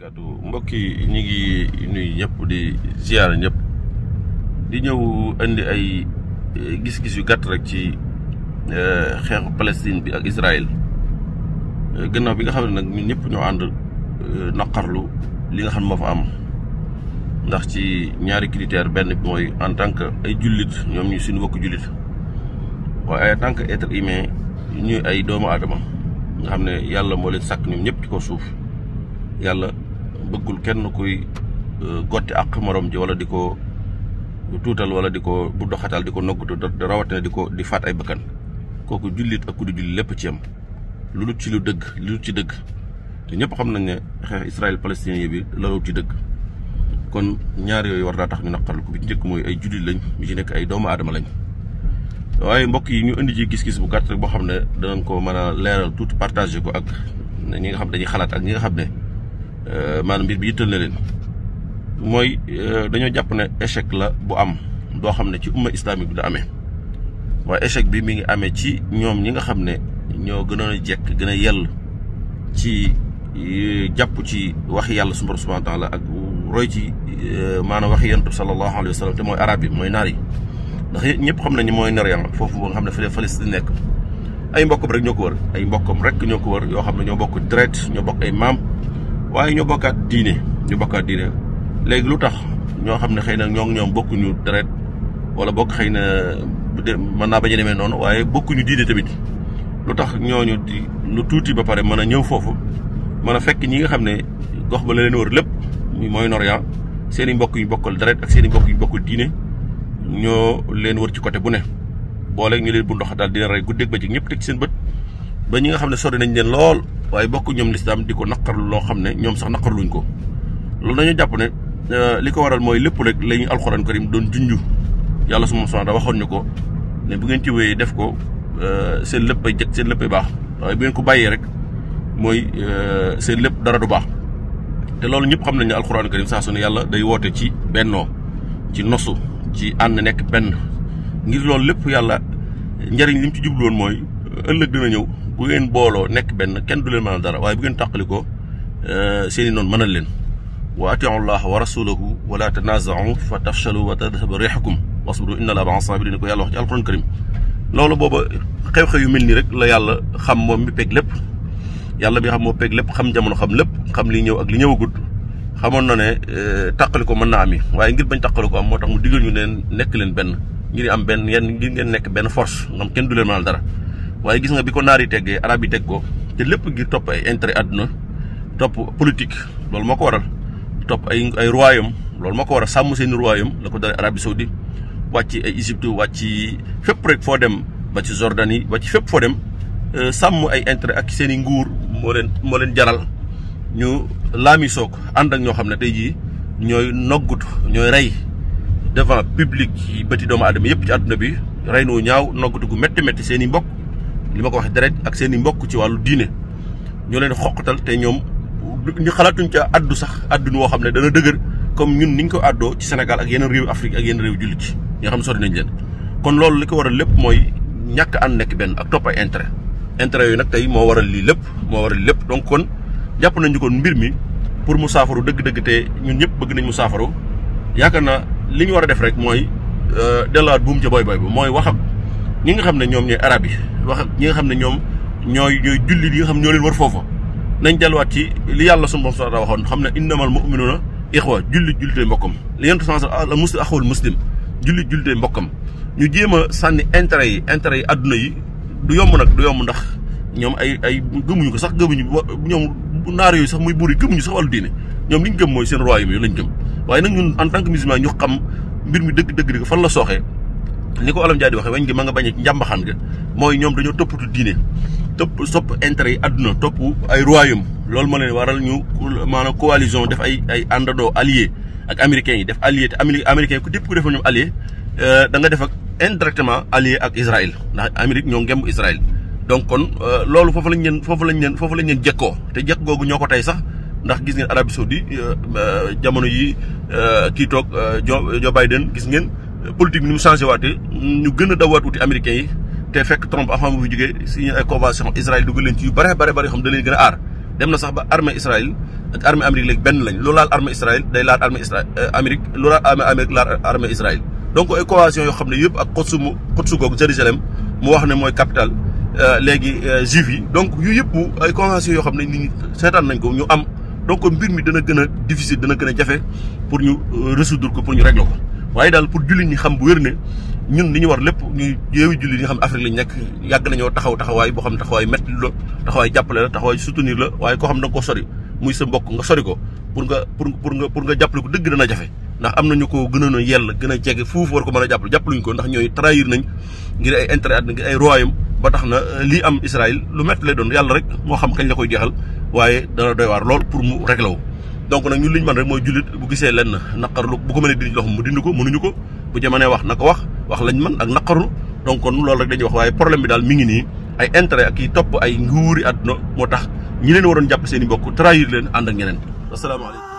gàttu mbokk yi ñu ngi nuyu ñëpp di ziar ñëpp di ñëw indi ay eh, gis-gis yu gàtt rek ci eh, xeexu Palestine bi ak Israël eh, gannaaw bi nga xam ne nag ñun ñëpp ñoo ànd naqarlu li nga xam moo fa am ndax ci ñaari critère benn bi mooy en tant que ay jullit ñoom ñu suñu bokk jullit waaye en tant que être humain ñuy ay doomu aadama nga xam ne yàlla moo leen sàkk ñoom ñëpp ci ko suuf yàlla bëggul kenn kuy euh, gotti ak moroom ji wala di ko tuutal wala di ko bu doxatal di ko noggutu da rawatina di ko di faat ay bëkkan kooku jullit ak ku di julli lépp ci am lu dul ci lu dëgg lu dul ci dëgg te ñëpp xam nañ ne xeex Israël palestinien bi loolu ci dëgg kon ñaar yooyu war naa tax ñu naqarlu ko bi ci njëkk mooy ay jullit lañ bi ci nekk ay doomu aadama lañ waaye mbokk yi ñu indi ci gis-gis bu gàtt rek boo xam ne danañ ko mën leeral tuuti partagé ko ak ñi nga xam dañuy xalaat ak ñi nga xam ne Euh, maanaam mbir bi yittal na leen mooy euh, dañoo jàpp ne échec la bu am doo xam ne ci umma islamique bi da amee waaye échec bi mi ngi amee ci ñoom ñi nga xam ne ñoo gën a jekk gën a yell ci euh, jàpp ci wax yàlla sunu borom subhaanahu wa taala ak roy ci maanaam waxi yonent bi sallallahu alayhi wa sallam te mooy arab yi mooy naar yi ndax ñëpp xam nañu mooy Noreyaan foofu moo nga xam ne fële Palestine nekk ay mbokkam rek ñoo ko wër ay mbokkam rek ñoo ko wër yoo xam ne ñoo bokk deret ñoo bokk ay maam waaye ñu bokkaat diine ñu bokkaat diine léegi lu tax ñoo xam ne xëy na ñoom ñoom bokkuñu deret wala bokk xëy na mën naa bañ a demee noonu waaye bokkuñu diine tamit lu tax ñooñu di lu tuuti ba pare mën a ñëw foofu mën a fekk ñi nga xam ne gox ba la leen wër lépp mooy Norya seen i mbokk yu bokkal deret ak seen i mbokk yu bokkal diine ñoo leen wër ci côté bu ne boole ñu leen bu ndox daal dina rey guddeeg ba ci ñëpp teg seen bët. ba ñi nga xam ne sori nañ leen lool waaye bokk ñoom lislaam di ko naqarlu loo xam ne ñoom sax naqarluñ ko loolu dañoo jàpp ne euh, li ko waral mooy lépp rek la ñu alxuraan karim doon junju yàlla su ma soxna waxoon ñu ko ne bu ngeen ci wéyee def ko euh, seen lépp ay jëkk seen lépp ay baax waaye bu ko bàyyee rek mooy euh, seen lépp dara du baax te loolu ñëpp xam nañ ne alxuraan karim saa su ne yàlla day woote ci bennoo ci nosu ci ànd nekk benn ngir loolu lépp yàlla njariñ li ci jublu mooy ëllëg dina ñëw bu ngeen booloo nekk benn kenn du leen mën a dara waaye bu ngeen tàqalikoo seen i noonu mënal leen wa atiu llah wa rasulahu wala tanazaau fa tafchalu wa tadhaba rixakum wasbiru inna laa maa saabiriin ko yàlla wax ci alquran karim loolu booba xew-xew yu mel nii rek la yàlla xam moom mi peeg lépp yàlla bi xam moo peeg lépp xam jamono xam lépp xam li ñëw ak li ñëwagut xamoon na ne tàqaliko mën naa am waaye ngir bañ tàqaliko am moo tax mu digal ñu neen nekk leen benn ngir am benn yenn ngir ngeen nekk benn force ngam kenn du leen mënal dara waaye gis nga bi ko naar yi teggee arab yi teg ko te lépp ngir topp ay intérêt àdduna topp politique loolu moo ko waral topp ay ay royaume loolu moo ko waral sàmm seen royaume la ko dalee Arabie Saoudi wàcc ay Égypte wàcc fépp rek foo dem ba ci Jordanie ba ci fépp foo dem euh, sàmm ay intérêt ak seen i nguur moo leen moo leen jaral ñu laamisoog ànd ak ñoo xam ne tey jii ñooy noggutu ñooy rey devant public yi bëti doomu aadama yëpp ci àdduna bi rey nu ñaaw noggutu gu métti métti seen i mbokk. lima ko wax direct ak seeni mbokk ci walu diine ñoo leen xoqatal te ñom ñu xalaatuñ ci addu sax addun wo xamne dana dëgër comme ñun niñ ko addo ci senegal ak yeneen réew Afrique ak yeneen réew julit ci nga xam sori nañ leen kon loolu liko ko waral lépp mooy ñàkk ànd ak top ay intérêt intérêt yu nak tay mo waral li lepp mo waral lepp donc kon jàpp nañu kon mbir mi pour musafaru deug deug te ñun ñëpp bëgg nañ musafaru saafaru liñu wara def rek euh delaat buum ci boy boy bu moy wax ñi nga xam ne ñoom ñooy arab yi ñi nga xam ne ñoom ñooy ñooy jullit yi nga xam ñoo leen war foofa nañ delluwaat ci li yàlla su moom sota waxoon xam ne innamal mu'minuna ixwa jullit jullitee mbokkam li yent sens al muslim axul muslim jullit jullitee mbokkam ñu jéem a sànni intérêt yi intérêt yi adduna yi du yomb nag du yomb ndax ñoom ay ay gëmuñu ko sax gëmuñu ñoom naar yooyu sax muy buur yi gëmuñu sax wàllu diine ñoom li ñu gëm mooy seen royaume yi lañ gëm waaye nag ñun en tant que xam mbir mi dëgg-dëgg di fan la sooxee ni ko alam jaa di waxee wañ gi ma nga bañ a njàmbaxan mooy ñoom dañoo toppatu diine topp sopp intérêt yi àdduna topp ay royaume loolu moo leen waral ñu maanaam coalition def ay ay àndandoo allié ak américains yi def allié te américains yi ku dépp ku def ñoom danga euh, da nga def ak indirectement allié ak Israël ndax Amérique ñoo ngemb Israël donc kon euh, loolu foofu lañ leen foofu lañ leen foofu lañ leen jekkoo te jekk googu ñoo ko tey sax ndax gis ngeen Arabie Saoudi euh, jamono yi kii toog Joe gis ngeen politique bi ni mu changé waatee ñu gën a dawaat uti américains yi te fekk Trump avant mu fi jógee signé ay convention Israël dugal yu bare bare bare xam da leen gën a aar dem na ba armée Israël ak armée Amérique léegi benn lañ loolu laal armée Israël day laal armée Israël euh, Amérique loolu laal armée Amérique laal armée Israël donc ay convention yoo xam ne yëpp ak xotsu mu xotsu googu Jérusalem mu wax ne mooy capital euh, léegi euh, juif yi donc yu yëpp ay convention yoo xam ne nit ñi seetaan nañ ko ñu am donc mbir mi dana gën a difficile dana gën a jafe pour ñu résoudre ko pour ñu régler ko waaye daal pour jullit ñi xam bu wér ne ñun li ñu war lépp ñu yeewi jullit ñi xam Afrique lañ nekk yàgg nañoo taxaw taxawaay boo xam taxawaay métti la taxawaay jàppale la taxawaay soutenir la waaye koo xam da ko sori muy sa mbokk nga sori ko pour nga pour pour nga pour nga jàppale ko dëgg dana jafe ndax am nañu ko gënoon a yell gën a jege fuuf war ko mën a jàppale jàppaluñ ko ndax ñooy trahir nañ ngir ay intérêt ngir ay royaume ba tax na euh, li am Israël lu métti lay doon yàlla rek moo xam kañ la koy jeexal waaye dana doy waar lool pour mu réglé wu donc nag ñun liñ man rek mooy jullit bu gisee lenn naqarlu bu ko mënee dindi loxo mu dindi ko mënuñu ko bu ca mënee wax na ko wax wax lañ man ak naqarlu donc loolu rek dañuy wax waaye problème bi daal mi ngi nii ay intérêt ak i topp ay nguuri àdduna moo tax ñi leen waroon jàpp seeni i mbokk leen ànd ak ñeneen asalaamaaleykum